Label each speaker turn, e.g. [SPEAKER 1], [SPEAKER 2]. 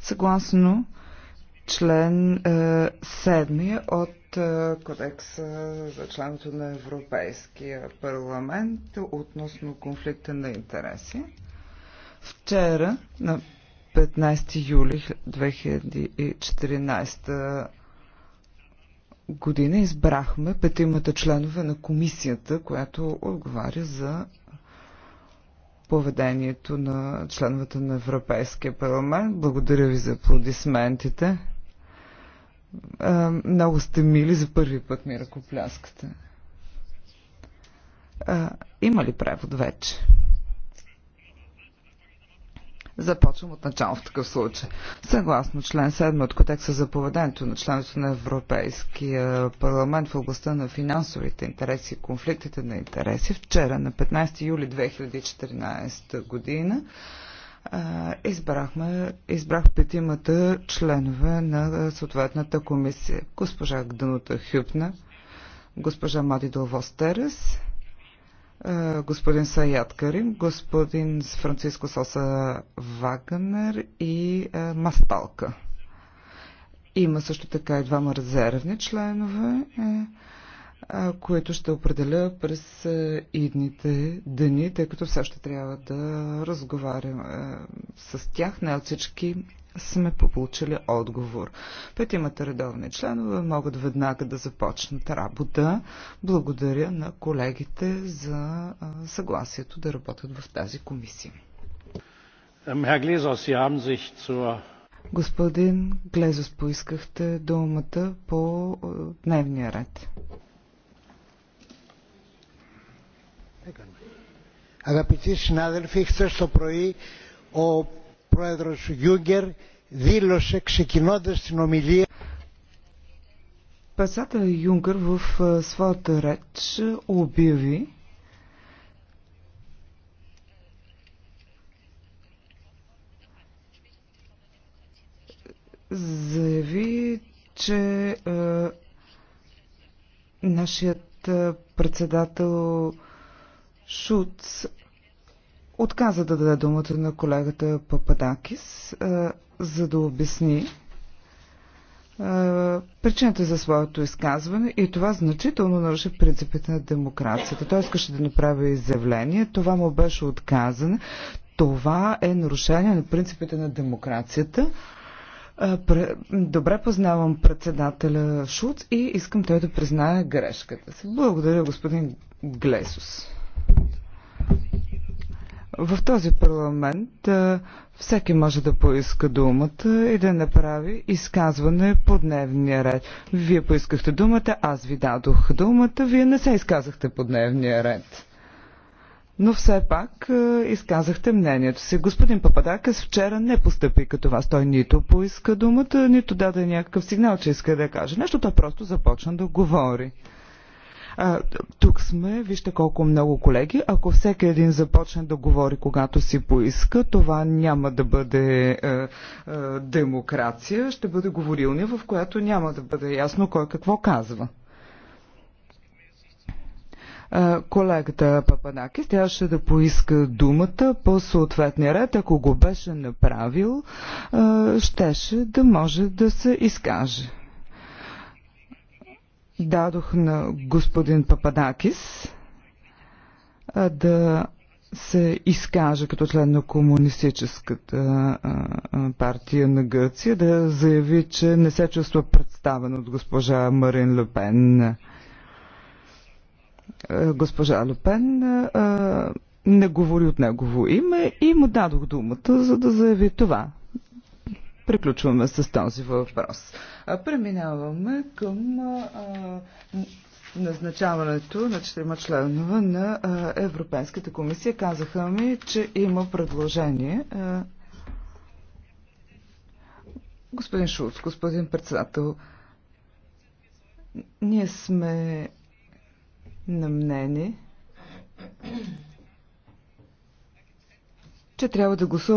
[SPEAKER 1] Съгласно член 7 е, от е, Кодекса за членството на Европейския парламент относно конфликта на интереси. Вчера, на 15 юли 2014 година, избрахме петимата членове на комисията, която отговаря за поведението на членовете на Европейския парламент. Благодаря ви за аплодисментите. Е, много сте мили за първи път ми ръкопляскате. Е, има ли превод вече? Започвам от начало в такъв случай. Съгласно член 7 от Кодекса за поведението на членството на Европейския парламент в областта на финансовите интереси и конфликтите на интереси, вчера на 15 юли 2014 година избрахме, избрах петимата членове на съответната комисия. Госпожа Гданута Хюпна, госпожа Мади Долвостерес, е, господин Саят Карим, господин Франциско Соса Вагнер и е, Масталка. Има също така и двама резервни членове. Е, което ще определя през идните дни, тъй като все още трябва да разговарям с тях. Не от всички сме получили отговор. Петимата редовни членове могат веднага да започнат работа. Благодаря на колегите за съгласието да работят в тази комисия. Господин Глезос, поискахте думата по дневния ред. Αγαπητοί συνάδελφοι, χθε το πρωί ο πρόεδρος Γιούγκερ δήλωσε ξεκινώντας την ομιλία Председател Юнкър в своята реч обяви, заяви, че е, нашият председател е, Шуц отказа да даде думата на колегата Пападакис, за да обясни причината за своето изказване и това значително наруши принципите на демокрацията. Той искаше да направи изявление, това му беше отказано. Това е нарушение на принципите на демокрацията. Добре познавам председателя Шуц и искам той да признае грешката си. Благодаря, господин Глесус. В този парламент всеки може да поиска думата и да направи изказване по дневния ред. Вие поискахте думата, аз ви дадох думата, вие не се изказахте по дневния ред. Но все пак изказахте мнението си. Господин Пападакас вчера не постъпи като вас. Той нито поиска думата, нито даде някакъв сигнал, че иска да каже нещо. Той просто започна да говори. А, тук сме, вижте колко много колеги. Ако всеки един започне да говори когато си поиска, това няма да бъде е, е, демокрация, ще бъде говорилни, в която няма да бъде ясно кой какво казва колегата Папанакис трябваше да поиска думата по съответния ред. Ако го беше направил, щеше да може да се изкаже дадох на господин Пападакис да се изкаже като член на Комунистическата партия на Гърция, да заяви, че не се чувства представен от госпожа Марин Лепен. Госпожа Лепен не говори от негово име и му дадох думата, за да заяви това. Приключваме с този въпрос. Преминаваме към назначаването на четирима членове на Европейската комисия. Казаха ми, че има предложение. Господин Шулц, господин председател, ние сме на мнение, че трябва да гласуваме